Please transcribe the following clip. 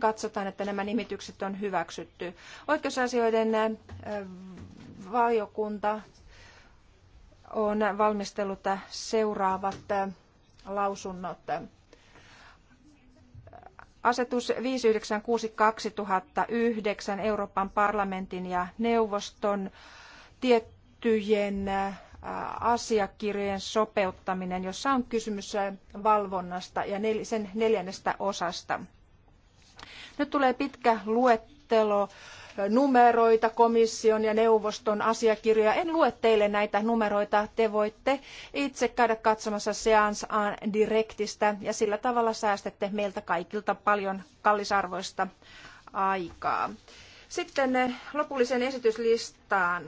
katsotaan, että nämä nimitykset on hyväksytty. Oikeusasioiden äh, valiokunta on valmistellut seuraavat äh, lausunnot. Asetus 596-2009 Euroopan parlamentin ja neuvoston tiettyjen äh, asiakirjojen sopeuttaminen, jossa on kysymys valvonnasta ja sen neljännestä osasta. Nyt tulee pitkä luettelo numeroita komission ja neuvoston asiakirjoja. En lue teille näitä numeroita, te voitte itse käydä katsomassa Seance en Directistä ja sillä tavalla säästätte meiltä kaikilta paljon kallisarvoista aikaa. Sitten lopulliseen esityslistaan.